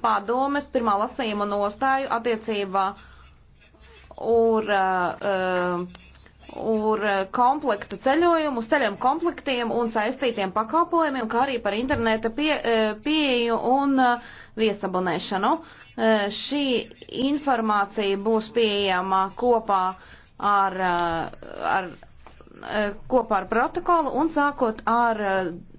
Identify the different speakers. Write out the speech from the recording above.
Speaker 1: padomes pirmā lasījuma nostāju attiecībā uz uh, uh, komplekta ceļojumu, uz ceļiem komplektiem un saistītiem pakalpojumiem, kā arī par interneta pie, uh, pieeju un uh, viesabonēšanu. Uh, šī informācija būs pieejama kopā ar, uh, ar, uh, kopā ar protokolu
Speaker 2: un sākot ar. Uh,